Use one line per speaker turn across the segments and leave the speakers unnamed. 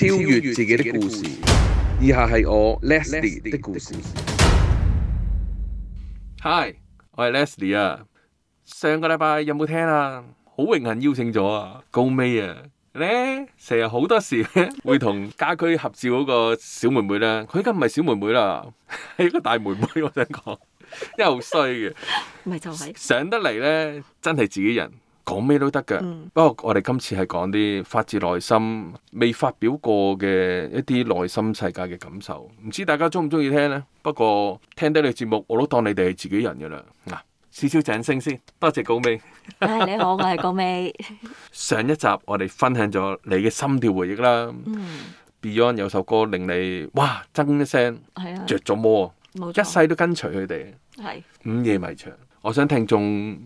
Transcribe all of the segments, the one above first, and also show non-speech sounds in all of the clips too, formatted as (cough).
超越自己的故事，以下係我 Leslie 的故事。Hi，我係 Leslie 啊。上個禮拜有冇聽啊？好榮幸邀請咗啊。高 May 啊，咧成日好多時咧會同家駒合照嗰個小妹妹咧，佢而家唔係小妹妹啦，係個大妹妹。我想講，真係好衰嘅。唔係就係上得嚟咧，真係自己人。講咩都得㗎，不過我哋今次係講啲發自內心未發表過嘅一啲內心世界嘅感受，唔知大家中唔中意聽呢？不過聽得你節目，我都當你哋係自己人噶啦。嗱，少少掌聲先，多謝高尾。唉，你好，我係高尾。上一集我哋分享咗你嘅心跳回憶啦。嗯。Beyond 有首歌令你哇，爭一聲，着咗魔，一世都跟隨佢哋。係。午夜迷牆。我想聽眾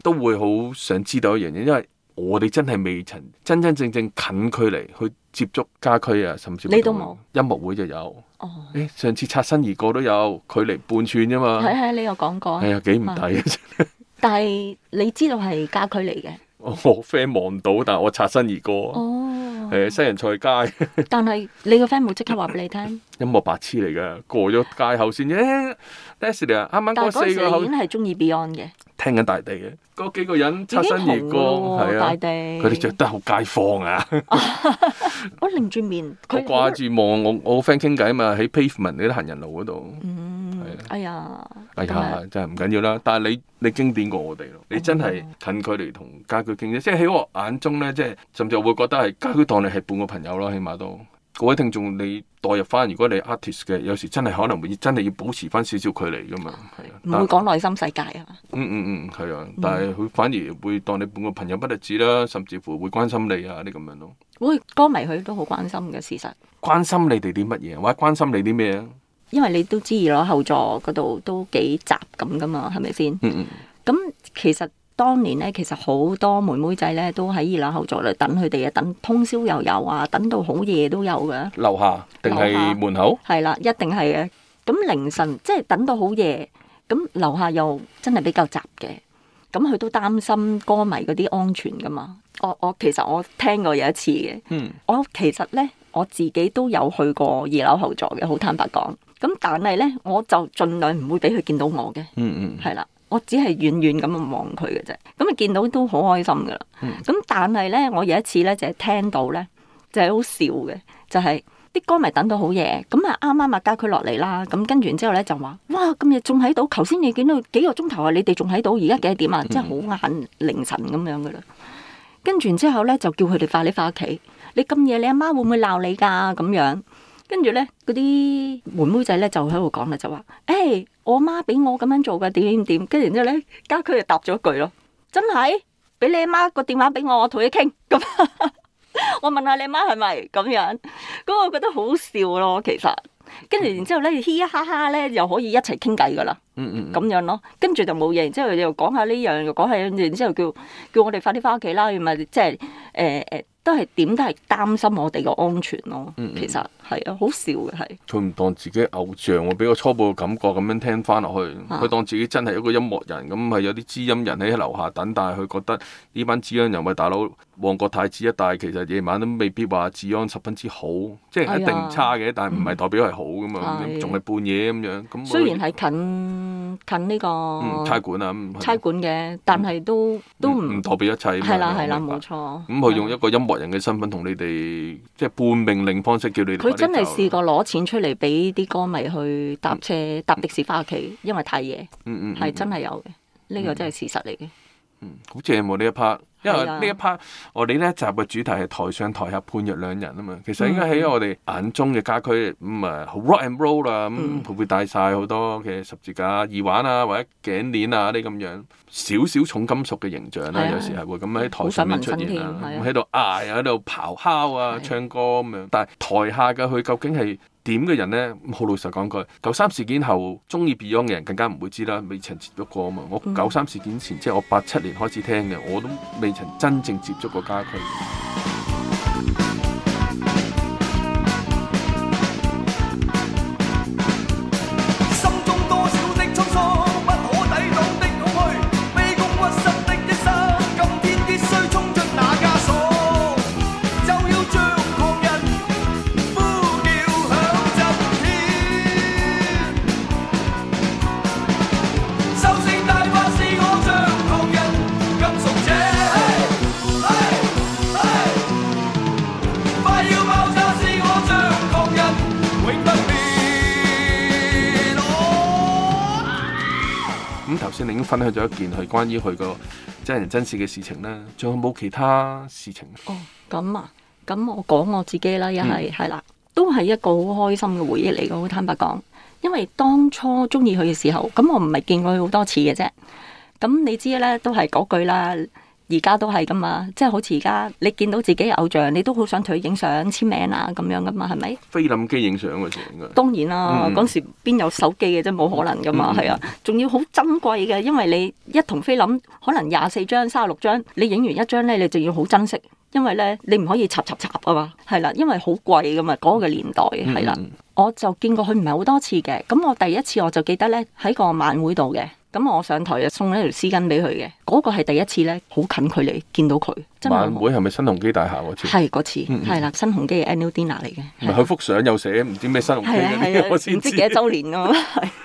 都會好想知道一樣嘢，因為我哋真係未曾真真正正近距離去接觸家區啊，甚至你都冇音樂會就有。哦，誒上次擦身而過都有距離半寸啫嘛。係
係，你有講過。係啊，幾唔抵啊！但係你知道係家區嚟嘅。
我 friend 望到，但我擦身而過。哦。係西人菜街。
但係你個 friend 冇即刻話俾你聽。
音樂白痴嚟㗎，過咗街後先。誒 Ashley 啊，啱啱嗰四個。但係
嗰係中意 Beyond 嘅。.
聽緊大地嘅嗰幾個人擦身而過，係啊，佢哋着得好街坊啊！
(laughs) (laughs) 我擰住面，佢掛住
望我。我 friend 傾偈啊嘛，喺 pavement 嗰啲行人路嗰度，
係啊，哎呀，哎呀，是
真係唔緊要啦。但係你你經典過我哋咯，你真係近距離同家居經典，即係喺我眼中咧，即係甚至會覺得係家居當你係半個朋友咯，起碼都。各位聽眾，你代入翻，如果你 artist 嘅，有時真係可能會真係要保持翻少少距離㗎嘛，係啊，唔會
講內心世界啊嘛。
嗯嗯嗯，係啊，嗯、但係佢反而會當你半個朋友不特止啦，甚至乎會關心你啊啲咁樣咯。喂，
會歌迷佢都好關心嘅，事實
關心你哋啲乜嘢，或者關心你啲咩啊？
因為你都知咯，後座嗰度都幾雜咁㗎嘛，係咪先？嗯嗯，咁其實。當年咧，其實好多妹妹仔咧都喺二樓後座度等佢哋啊，等通宵又有啊，等到好夜都有㗎。
樓下定係下門口？
係啦，一定係嘅。咁凌晨即係等到好夜，咁樓下又真係比較雜嘅。咁佢都擔心歌迷嗰啲安全噶嘛。我我其實我聽過有一次嘅。嗯。我其實咧我自己都有去過二樓後座嘅，好坦白講。咁但係咧，我就盡量唔會俾佢見到我嘅。嗯嗯。係啦。我只係遠遠咁啊望佢嘅啫，咁啊見到都好開心噶啦。咁、嗯、但係咧，我有一次咧就係、是、聽到咧就係好笑嘅，就係、是、啲、就是、歌迷等到好夜，咁啊啱啱啊架佢落嚟啦。咁跟住完之後咧就話哇咁夜仲喺度，頭先你見到幾個鐘頭啊，你哋仲喺度，而家幾多點啊？真係好晏凌晨咁樣噶啦。跟住完之後咧就叫佢哋快啲翻屋企，你咁夜你阿媽會唔會鬧你噶咁樣？跟住咧，嗰啲妹妹仔咧就喺度講啦，就話：誒、欸，我媽俾我咁樣做噶，點點點。跟住然之後咧，家區就答咗一句咯，真係？俾你阿媽個電話俾我，我同佢傾。咁我問下你阿媽係咪咁樣？咁我覺得好笑咯，其實。跟住然之後咧，嘻嘻哈哈咧，又可以一齊傾偈噶啦。嗯咁、嗯、樣咯，跟住就冇嘢，然之後又講下呢樣，又講下，然之後叫叫我哋快啲翻屋企啦，咪即係誒誒，都係點都係擔心我哋個安全咯。嗯嗯其實係啊，好笑嘅係。
佢唔當自己偶像喎，俾個初步嘅感覺咁樣聽翻落去。佢、啊、當自己真係一個音樂人，咁係有啲知音人喺樓下等，但係佢覺得呢班知音人喂，大佬旺角太子一帶，其實夜晚都未必話治安十分之好，即係一定差嘅，哎、呀但係唔係代表係好噶嘛，仲係、哎呀嗯、半夜咁樣，然樣。雖然係
近。啊、嗯，近呢個差
館啊，差館
嘅，但係都都唔代
表一切。係啦係啦，
冇錯。咁
佢、嗯、用一個音樂人嘅身份同你哋，的即係半命令方式叫你哋。佢真係試過
攞錢出嚟俾啲歌迷去搭車、嗯、搭的士翻屋企，因為太夜。嗯嗯，係真係有嘅，呢個真係事實嚟嘅。嗯，
好正喎呢一 part。因為呢一 part，的我哋呢一集嘅主題係台上台下判若兩人啊嘛，其實應該喺我哋眼中嘅家區，咁啊 rock and roll 啦，咁會唔會帶晒好多嘅十字架、耳環啊，或者頸鏈啊嗰啲咁樣，少少重金屬嘅形象啦、啊，的有時係會咁喺台上面出現，喺度嗌啊，喺度、啊、咆哮啊，的唱歌咁、啊、樣，但係台下嘅佢究竟係點嘅人呢？好老實講句，九三事件後中意 Beyond 嘅人更加唔會知啦，未曾接觸過啊嘛。我九三事件前，即係我八七年開始聽嘅，我都未曾真正接觸過家駒。咁頭先你已經分享咗一件係關於佢個真人真事嘅事情啦，仲有冇其他事情？哦，
咁啊，咁我講我自己啦，一係係啦，都係一個好開心嘅回憶嚟嘅，好坦白講，因為當初鍾意佢嘅時候，咁我唔係見過佢好多次嘅啫，咁你知咧都係嗰句啦。而家都係噶嘛，即係好似而家你見到自己偶像，你都好想同佢影相、簽名啊咁樣噶嘛，係咪？
菲林機影相嗰時應該。
當然啦，嗰、嗯、時邊有手機嘅啫，冇可能噶嘛，係、嗯、啊，仲要好珍貴嘅，因為你一同菲林可能廿四張、三十六張，你影完一張咧，你就要好珍惜，因為咧你唔可以插插插啊嘛，係啦、啊，因為好貴噶嘛，嗰、那個年代係啦，啊嗯、我就見過佢唔係好多次嘅，咁我第一次我就記得咧喺個晚會度嘅。咁我上台就送咗條絲巾俾佢嘅，嗰、嗰個係第一次咧，好近距離見到佢。
晚會係咪新鴻基大廈嗰次？係嗰次，係
啦、嗯嗯，新鴻基嘅 Annual Dinner 嚟嘅。佢
幅相又寫唔知咩新鴻基，我先知幾多
週年咯、啊。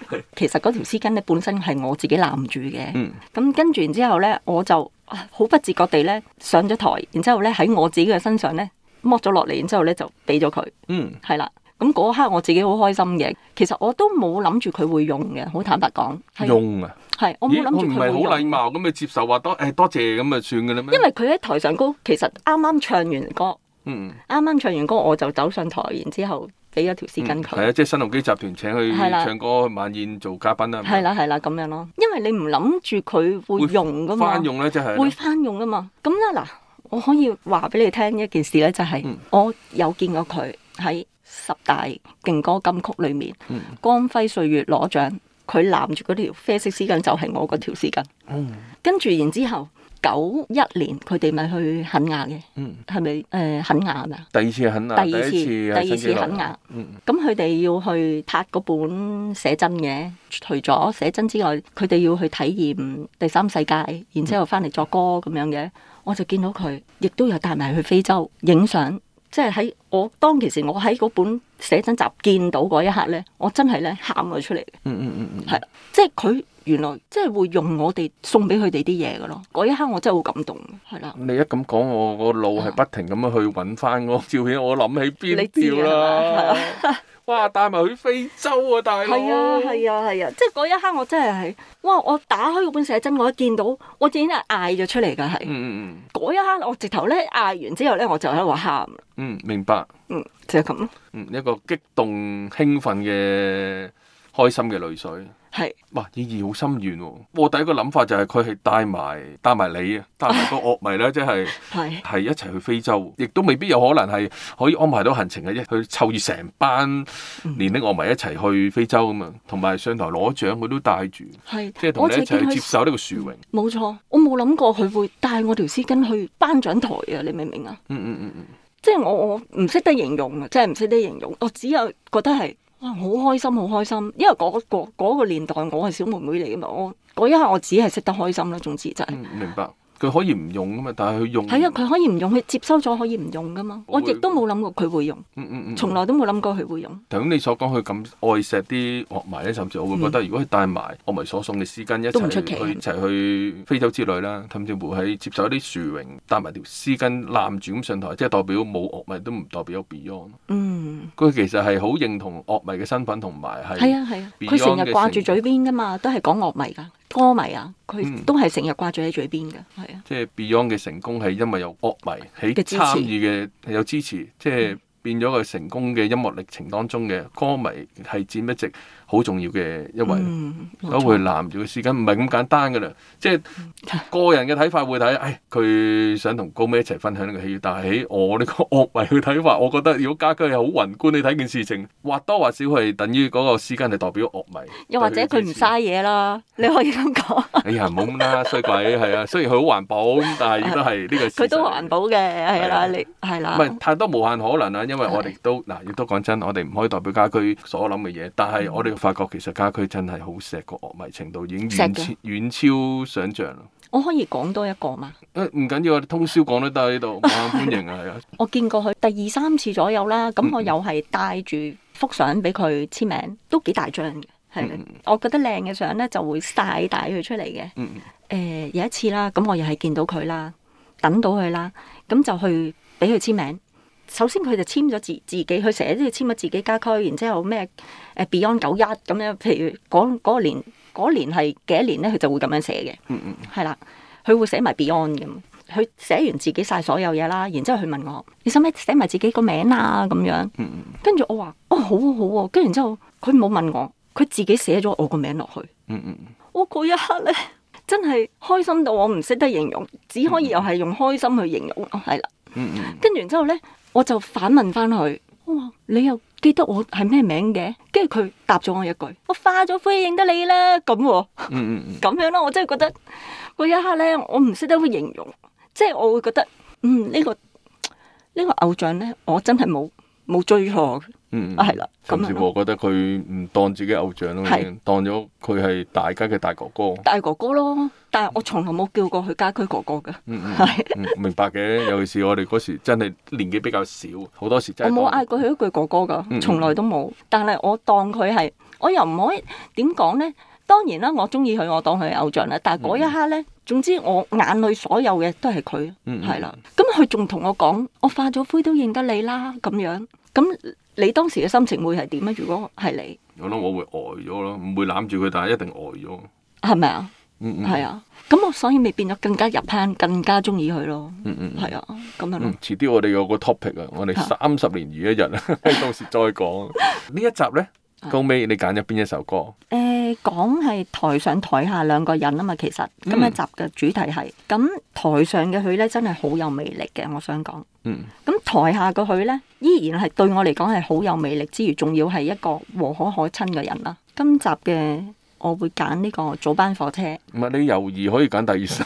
的其實嗰條絲巾咧本身係我自己攬住嘅。嗯。咁跟住然之後咧，我就好不自覺地咧上咗台，然之後咧喺我自己嘅身上咧剝咗落嚟，然之後咧就俾咗佢。嗯。係啦。咁嗰刻我自己好開心嘅，其實我都冇諗住佢會用嘅，好坦白講。用啊，係我冇諗住佢會用。好禮
貌咁，你接受話多誒多謝咁，咪算嘅啦咩？因為
佢喺台上高，其實啱啱唱完歌，嗯，啱啱唱完歌，我就走上台，然之後俾咗條絲巾佢。係啊，
即係新鴻基集團請去唱歌晚宴做嘉賓啊。係
啦，係啦，咁樣咯。因為你唔諗住佢會用噶嘛，翻用咧即係會翻用噶嘛。咁咧嗱，我可以話俾你聽一件事咧，就係我有見過佢喺，十大勁歌金曲裏面，嗯、光輝歲月攞獎，佢攬住嗰條啡色絲巾就係我嗰條絲巾。跟住、嗯、然之後，九一年佢哋咪去肯亞嘅，係咪誒肯亞啊？係係
呃、第二次肯亞，第，第二次，第二次肯亞。
咁佢哋要去拍嗰本寫真嘅，除咗寫真之外，佢哋要去體驗第三世界，然之後翻嚟作歌咁樣嘅。嗯、我就見到佢，亦都有帶埋去非洲影相。即係喺我當其時，我喺嗰本寫真集見到嗰一刻咧，我真係咧喊咗出嚟嘅。嗯嗯嗯
嗯，係
即係佢原來即係會用我哋送俾佢哋啲嘢㗎咯。嗰一刻我真係好感動，係啦。
你一咁講，我個腦係不停咁樣去揾翻嗰照片，我，我諗起邊條啦。 (laughs) 哇！帶埋去非洲啊，大佬係啊係
啊係啊,啊！即係嗰一刻，我真係係哇！我打開嗰本寫真，我一見到，我已經係嗌咗出嚟㗎係。嗯嗯嗯。嗰一刻我，我直頭咧嗌完之後咧，我就喺度
喊。嗯，明白。嗯，就係咁。嗯，一個激動、興奮嘅、開心嘅淚水。係，是哇！意義好深遠喎，哦。我第一個諗法就係佢係帶埋帶埋你啊，帶埋個樂迷咧，即係係一齊去非洲，亦都未必有可能係可以安排到行程嘅，去一去湊住成班年齡樂迷一齊去非洲咁嘛，同埋、嗯、上台攞獎佢都帶住，係即係同你一齊去接受呢個殊榮。
冇錯，我冇諗過佢會帶我條絲巾去頒獎台啊！你明唔明啊？嗯嗯嗯
嗯，
即係、嗯、我我唔識得形容啊，即係唔識得形容，我只有覺得係。啊，好開心，好開心，因為嗰個嗰個年代，我係小妹妹嚟噶嘛，我嗰一刻我只係識得開心啦，總之就係、嗯。
明白。佢可以唔用噶、啊、嘛？但係佢用。係啊，
佢可以唔用，佢接收咗可以唔用噶嘛。我亦都冇諗過佢會用，
嗯嗯嗯、從來
都冇諗過佢會用。
就咁、嗯、你所講佢咁愛錫啲樂迷咧，甚至我會覺得，如果佢帶埋樂迷所送嘅絲巾一齊去都唔奇一齊去，去非洲之旅啦，甚至乎喺接受一啲殊榮，帶埋條絲巾攬住咁上台，即係代表冇樂迷都唔代表 Beyond。嗯。佢其實係好認同樂迷嘅身份同埋係。係啊係啊，佢成日掛住
嘴邊噶嘛，都係講樂迷㗎。歌迷啊，佢都係成日掛住喺嘴邊嘅，
係啊、嗯。即係 Beyond 嘅成功係因為有歌迷喺參與嘅，有支持，即係變咗個成功嘅音樂歷程當中嘅歌迷係佔一席。好重要嘅一位，咁佢會攬住個絲巾，唔係咁簡單噶啦。即係個人嘅睇法會睇，誒佢想同高妹一齊分享呢個喜悅。但係喺我呢個惡迷嘅睇法，我覺得如果家居係好宏觀，你睇件事情或多或少係等於嗰個絲巾係代表惡迷。又或者
佢唔嘥嘢啦，你可以咁講。
哎呀，唔好咁啦，衰鬼係啊！雖然佢好環保，但係亦都係呢個。佢都
環保嘅，係啦，你係啦。唔
係太多無限可能啊！因為我哋都嗱，亦都講真，我哋唔可以代表家居所諗嘅嘢，但係我哋。發覺其實家駒真係好錫個樂迷程度，已經遠超的遠超想像咯。
我可以講多一個嘛，
誒唔緊要，我哋通宵講都得，喺呢度。 (laughs) 歡迎啊！
我見過佢第二三次左右啦，咁我又係帶住幅相俾佢簽名，嗯嗯都幾大張嘅。係，嗯嗯我覺得靚嘅相咧就會曬帶佢出嚟嘅。誒、嗯嗯呃、有一次啦，咁我又係見到佢啦，等到佢啦，咁就去俾佢簽名。首先佢就簽咗自自己，佢成日都要簽咗自己家區，然之後咩誒 Beyond 九一咁樣，譬如嗰年嗰年係幾多年咧，佢就會咁樣寫嘅、嗯。嗯係啦，佢會寫埋 Beyond 咁，佢寫完自己晒所有嘢啦，然之後佢問我：你使唔使寫埋自己個名啊？咁樣。跟住我話：哦，好、啊、好喎、啊。跟然之後佢冇問我，佢自己寫咗我個名落去。嗯，嗯我嗰一刻咧，真係開心到我唔識得形容，只可以又係用開心去形容。係啦。跟住然之後咧。我就反問翻佢，我話，你又記得我係咩名嘅？跟住佢答咗我一句，我化咗灰認得你啦，咁、哦，咁、mm hmm. 樣咯，我真係覺得嗰一刻咧，我唔識得會形容，即係我會覺得，嗯，呢、呢個呢、呢個偶像咧，我真係冇冇追錯。
嗯，係啦，甚至我覺得佢唔當自己偶像咯，啊、當咗佢係大家嘅大哥哥，大
哥哥咯。但係我從來冇叫過佢家駒哥哥嘅，係
明白嘅。尤其是我哋嗰時真係年紀比較少，好多時真係我冇嗌
過佢一句哥哥噶，從來都冇。但係我當佢係，我又唔可以點講咧？當然啦，我中意佢，我當佢偶像啦。但係嗰一刻咧，總之我眼裏所有嘅都係佢，係、嗯嗯嗯、啦。咁佢仲同我講：我化咗灰都認得你啦。咁樣咁。你當時嘅心情會係點啊？如果係你，
我諗我會呆咗咯，唔會攬住佢，但係一定呆咗。
係咪啊？嗯，係啊。咁我所以咪變咗更加入坑，更加中意佢咯。嗯嗯，係啊。咁啊。嗯，
遲啲我哋有個 topic 啊，我哋三十年如一日，到時再講呢一集咧。後尾你揀咗邊一首歌？
誒，講係台上台下兩個人啊嘛，其實今一集嘅主題係咁，台上嘅佢咧，真係好有魅力嘅，我想講。嗯。咁台下個佢咧。依然係對我嚟講係好有魅力之餘，仲要係一個和藹可親嘅人啦。今集嘅我會揀呢個早班火車。
唔係你猶豫可以揀第二首，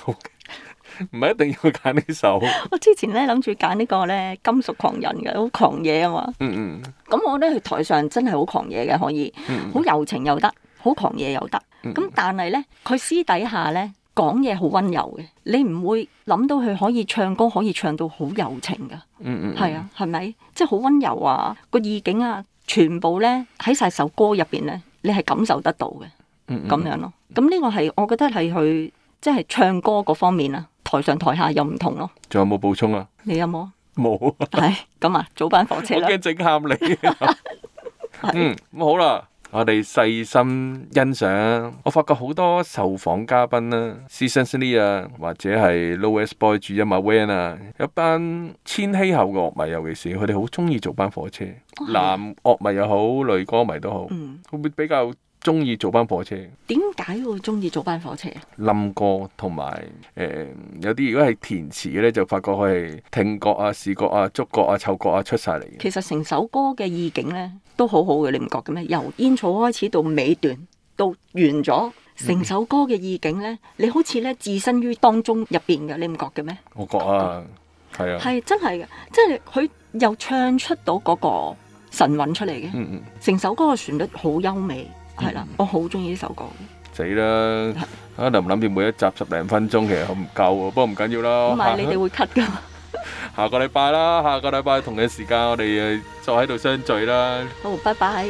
唔係 (laughs) 一定要揀呢首。我
之前咧諗住揀呢個咧金屬狂人嘅，好狂野啊嘛。嗯嗯。咁我咧喺台上真係好狂野嘅，可以，好柔、嗯嗯、情又得，好狂野又得。咁、嗯嗯嗯、但係咧，佢私底下咧。講嘢好溫柔嘅，你唔會諗到佢可以唱歌可以唱到好柔情噶，嗯，嗯嗯，係啊，係咪？即係好溫柔啊，個意境啊，全部咧喺晒首歌入邊咧，你係感受得到嘅，嗯，
嗯，咁樣咯。
咁呢個係，我覺得係佢即係唱歌嗰方面啊，台上台下又唔同咯。
仲有冇補充啊？你有冇？冇啊沒有。係
咁啊，早班火車我
驚整喊你。嗯， (laughs) 咁好啦。我哋細心欣賞，啊，我發覺好多受訪嘉賓啦，Celine 啊，啊啊或者係 Louis Boy 主音啊，啊一班千禧後嘅樂迷，尤其是佢哋好中意做班火車，哦啊、男樂迷又好，女歌迷都好，會唔、嗯、會比較中意做班火車？
點解會中意做班火車
啊？冧歌同埋誒，有啲如果係填詞嘅咧，就發覺佢係聽覺啊、視覺啊、觸覺啊、嗅覺啊出晒嚟
嘅。其實成首歌嘅意境咧。都好好嘅，你唔覺嘅咩？由 intro 開始到尾段，到完咗成首歌嘅意境咧，你好似咧置身於當中入邊嘅，你唔覺嘅咩？
我覺啊，係啊，係
真係嘅，即係佢又唱出到嗰個神韻出嚟嘅，嗯嗯，成首歌嘅旋律好優美，係啦，我好中意呢首歌。
死啦！啊，諗唔諗住每一集十零分鐘其實好唔夠喎，不過唔緊要啦。唔係你哋會 cut 噶嘛？下個禮拜啦，下個禮拜同嘅時間我哋。就喺度相聚啦。
好，拜拜。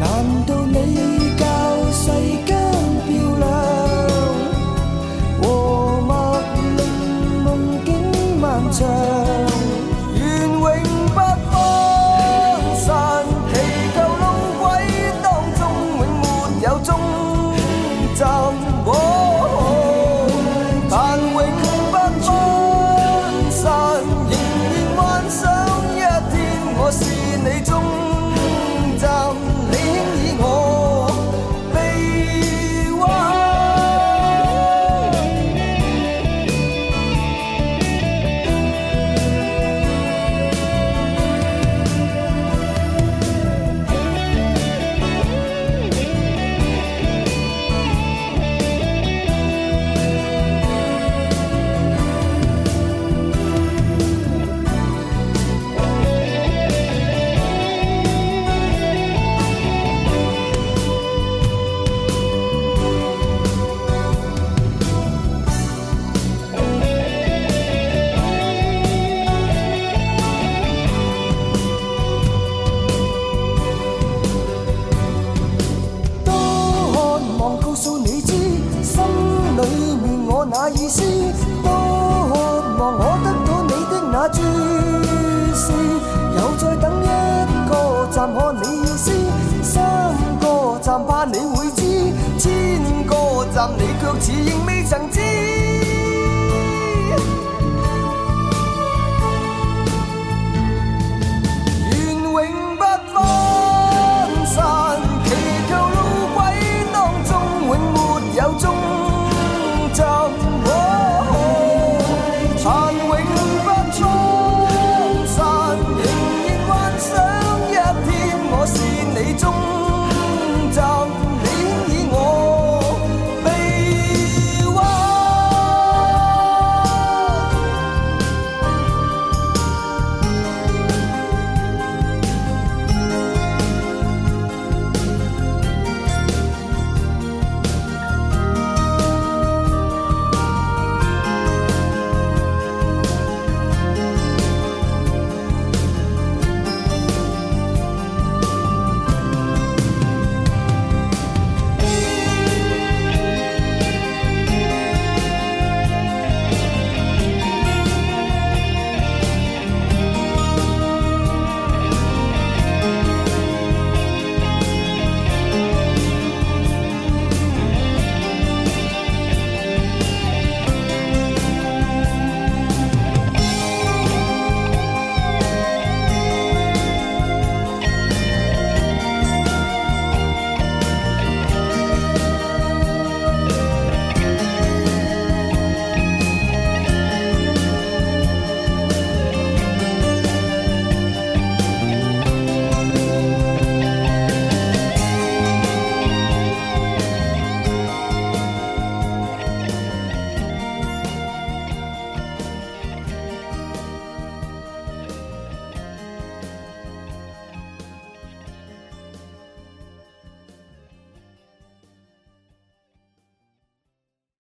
難道？但你卻似仍未曾。 (noise)